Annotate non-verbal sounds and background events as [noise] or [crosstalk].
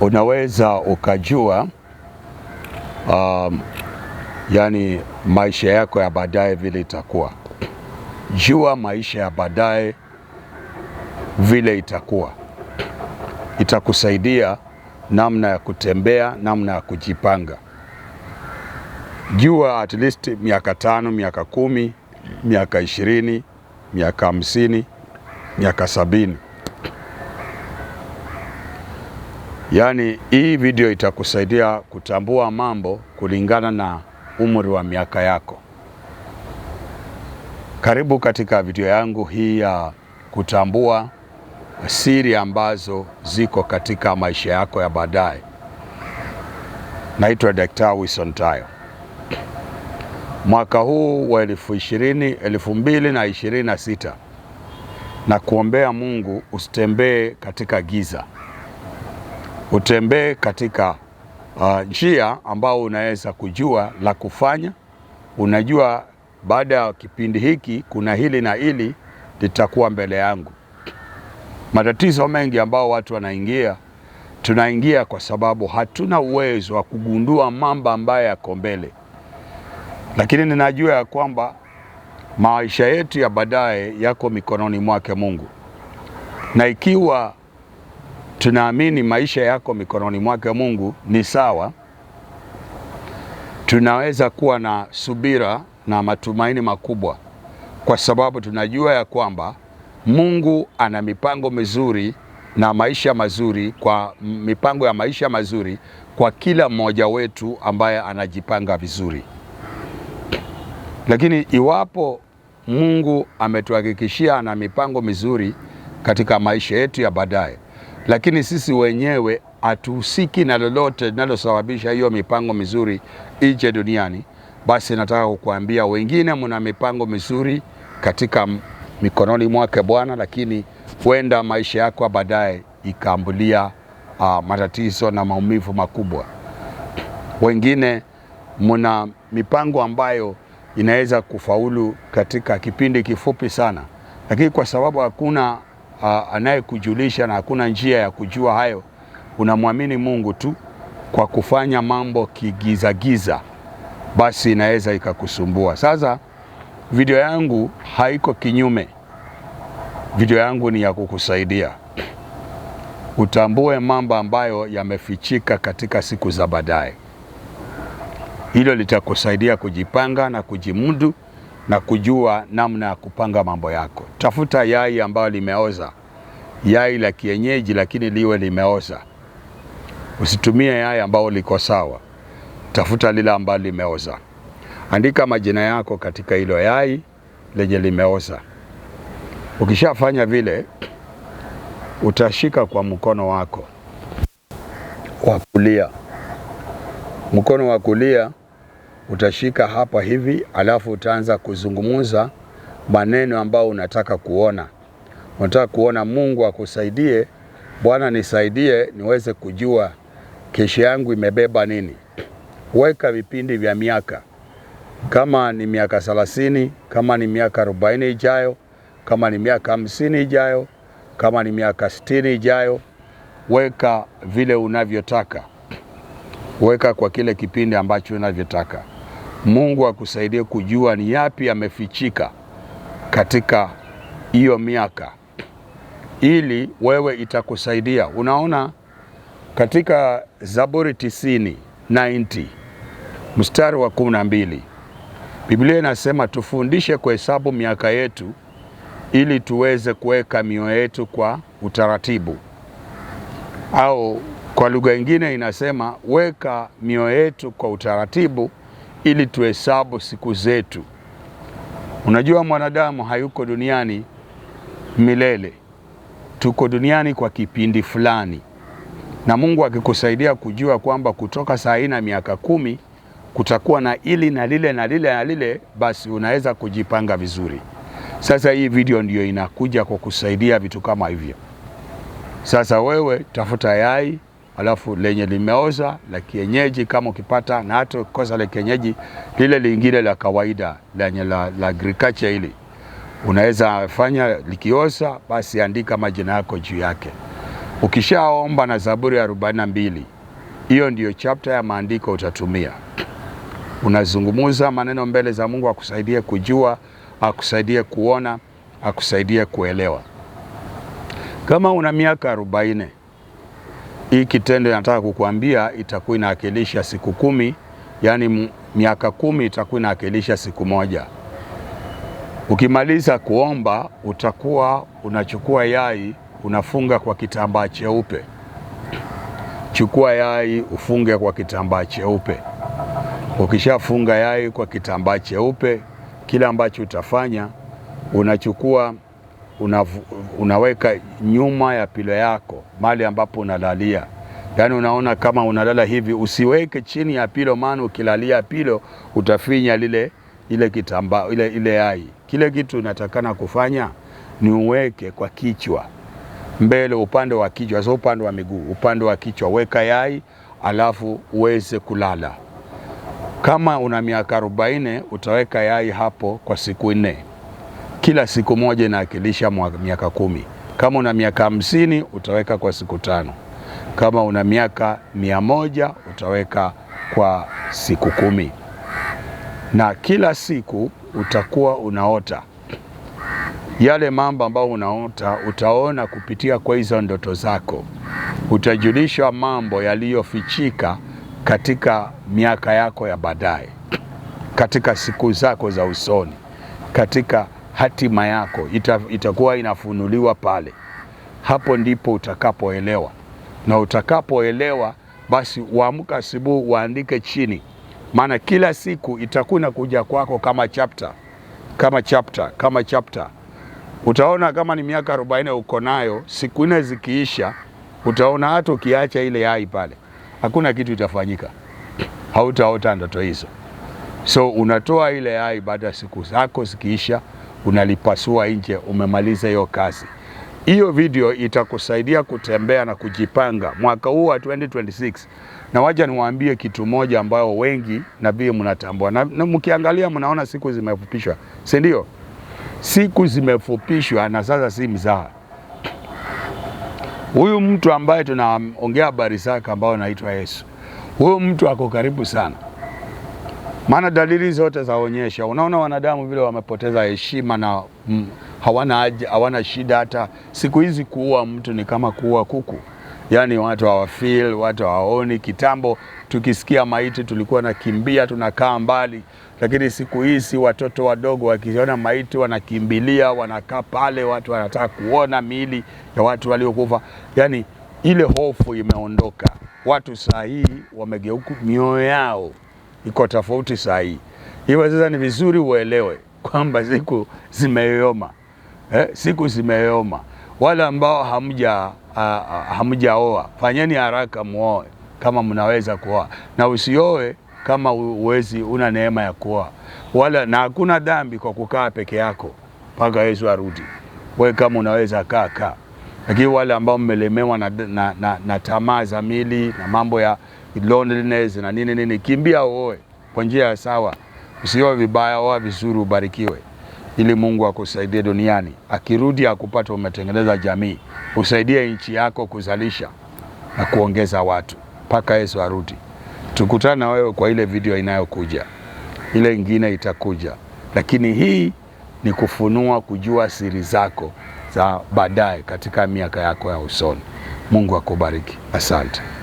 unaweza ukajua um, yani maisha yako ya baadaye vile itakuwa. Jua maisha ya baadaye vile itakuwa, itakusaidia namna ya kutembea, namna ya kujipanga. Jua at least miaka tano, miaka kumi, miaka ishirini, miaka hamsini, miaka sabini. Yaani hii video itakusaidia kutambua mambo kulingana na umri wa miaka yako. Karibu katika video yangu hii ya kutambua siri ambazo ziko katika maisha yako ya baadaye. Naitwa Daktari Wilson Tayo. Mwaka huu wa elfu ishirini elfu mbili na ishirini na sita na kuombea Mungu usitembee katika giza utembee katika uh, njia ambao unaweza kujua la kufanya. Unajua, baada ya kipindi hiki kuna hili na hili litakuwa mbele yangu. Matatizo mengi ambao watu wanaingia, tunaingia kwa sababu hatuna uwezo wa kugundua mambo ambayo yako mbele, lakini ninajua ya kwamba maisha yetu ya baadaye yako mikononi mwake Mungu, na ikiwa tunaamini maisha yako mikononi mwake Mungu ni sawa. Tunaweza kuwa na subira na matumaini makubwa, kwa sababu tunajua ya kwamba Mungu ana mipango mizuri na maisha mazuri kwa mipango ya maisha mazuri kwa kila mmoja wetu ambaye anajipanga vizuri. Lakini iwapo Mungu ametuhakikishia ana mipango mizuri katika maisha yetu ya baadaye lakini sisi wenyewe hatuhusiki na lolote linalosababisha hiyo mipango mizuri ije duniani. Basi nataka kukuambia wengine, mna mipango mizuri katika mikononi mwake Bwana, lakini huenda maisha yako baadaye ikaambulia uh, matatizo na maumivu makubwa. Wengine mna mipango ambayo inaweza kufaulu katika kipindi kifupi sana, lakini kwa sababu hakuna anayekujulisha na hakuna njia ya kujua hayo, unamwamini Mungu tu. Kwa kufanya mambo kigizagiza, basi inaweza ikakusumbua. Sasa video yangu haiko kinyume, video yangu ni ya kukusaidia [clears throat] utambue mambo ambayo yamefichika katika siku za baadaye. Hilo litakusaidia kujipanga na kujimudu na kujua namna ya kupanga mambo yako. Tafuta yai ambayo limeoza, yai la kienyeji lakini liwe limeoza. Usitumie yai ambayo liko sawa, tafuta lile ambalo limeoza. Andika majina yako katika hilo yai lenye limeoza. Ukishafanya vile, utashika kwa mkono wako wa kulia, mkono wa kulia Utashika hapa hivi, alafu utaanza kuzungumza maneno ambayo unataka kuona. Unataka kuona Mungu akusaidie, Bwana nisaidie niweze kujua kesho yangu imebeba nini. Weka vipindi vya miaka, kama ni miaka thelathini, kama ni miaka arobaini ijayo, kama ni miaka hamsini ijayo, kama ni miaka sitini ijayo. Weka vile unavyotaka, weka kwa kile kipindi ambacho unavyotaka. Mungu akusaidie kujua ni yapi yamefichika katika hiyo miaka, ili wewe itakusaidia. Unaona, katika Zaburi 90 90 mstari wa 12 Biblia inasema tufundishe kuhesabu miaka yetu ili tuweze kuweka mioyo yetu kwa utaratibu, au kwa lugha nyingine inasema weka mioyo yetu kwa utaratibu ili tuhesabu siku zetu. Unajua, mwanadamu hayuko duniani milele, tuko duniani kwa kipindi fulani, na Mungu akikusaidia kujua kwamba kutoka saa hii na miaka kumi kutakuwa na ili na lile na lile na lile, basi unaweza kujipanga vizuri. Sasa hii video ndiyo inakuja kwa kusaidia vitu kama hivyo. Sasa wewe tafuta yai alafu lenye limeoza la kienyeji kama ukipata, na hata kosa la kienyeji lile lingine la kawaida lenye la, la agriculture hili unaweza fanya likioza, basi andika majina yako juu yake. Ukishaomba na Zaburi ya 42 hiyo ndiyo chapter ya maandiko utatumia. Unazungumuza maneno mbele za Mungu akusaidie kujua, akusaidie kuona, akusaidie kuelewa. Kama una miaka arobaini hii kitendo nataka kukuambia itakuwa inaakilisha siku kumi, yaani miaka kumi itakuwa inaakilisha siku moja. Ukimaliza kuomba utakuwa unachukua yai unafunga kwa kitambaa cheupe. Chukua yai ufunge kwa kitambaa cheupe. Ukishafunga yai kwa kitambaa cheupe, kile ambacho utafanya unachukua unaweka nyuma ya pilo yako mahali ambapo unalalia yaani unaona kama unalala hivi, usiweke chini ya pilo, maana ukilalia pilo utafinya lile ile kitambaa ile, ile ai. Kile kitu unatakana kufanya ni uweke kwa kichwa mbele, upande wa kichwa, sio upande wa miguu, upande wa kichwa weka yai, alafu uweze kulala. Kama una miaka arobaini utaweka yai hapo kwa siku nne kila siku moja inawakilisha miaka kumi. Kama una miaka hamsini utaweka kwa siku tano, kama una miaka mia moja utaweka kwa siku kumi, na kila siku utakuwa unaota yale mambo ambayo unaota, utaona kupitia kwa hizo ndoto zako, utajulishwa mambo yaliyofichika katika miaka yako ya baadaye, katika siku zako za usoni, katika hatima yako ita, itakuwa inafunuliwa pale. Hapo ndipo utakapoelewa, na utakapoelewa basi uamka asubuhi uandike chini, maana kila siku itakuwa inakuja kwako kama chapter kama chapter kama chapter. Utaona kama ni miaka 40 uko nayo, siku nne zikiisha, utaona hata ukiacha ile yai pale hakuna kitu itafanyika, hautaota ndoto hizo. So unatoa ile yai baada ya siku zako zikiisha unalipasua nje, umemaliza hiyo kazi. Hiyo video itakusaidia kutembea na kujipanga mwaka huu wa 2026. Na waja niwaambie kitu moja ambayo wengi na nabii mnatambua na, na mkiangalia mnaona siku zimefupishwa, si ndio? Siku zimefupishwa na sasa si mzaha. Huyu mtu ambaye tunaongea habari zake ambayo anaitwa Yesu, huyu mtu ako karibu sana maana dalili zote zaonyesha. Unaona wanadamu vile wamepoteza heshima na mm, hawana, hawana shida. Hata siku hizi kuua mtu ni kama kuua kuku, yaani watu hawafeel, watu hawaoni. Kitambo tukisikia maiti tulikuwa nakimbia, tunakaa mbali, lakini siku hizi watoto wadogo wakiona maiti wanakimbilia, wanakaa pale, watu wanataka kuona miili ya watu waliokufa. Yaani ile hofu imeondoka, watu sahihi wamegeuka mioyo yao iko tofauti saa hii. Hivyo sasa ni vizuri uelewe kwamba siku zimeyoma eh, siku zimeoma. Wale ambao hamja hamjaoa, fanyeni haraka muoe kama mnaweza kuoa, na usioe kama uwezi, una neema ya kuoa. Wala na hakuna dhambi kwa kukaa peke yako mpaka Yesu arudi. Wewe kama unaweza kaa kaa, lakini wale ambao mmelemewa na, na, na, na tamaa za mili na mambo ya loneliness na nini nini, kimbia uoe kwa njia ya sawa, usioa vibaya, oa vizuri, ubarikiwe ili Mungu akusaidie duniani, akirudi akupata umetengeneza jamii, usaidie nchi yako kuzalisha na kuongeza watu mpaka Yesu arudi. Tukutane na wewe kwa ile video inayokuja, ile ingine itakuja, lakini hii ni kufunua, kujua siri zako za baadaye katika miaka yako ya usoni. Mungu akubariki, asante.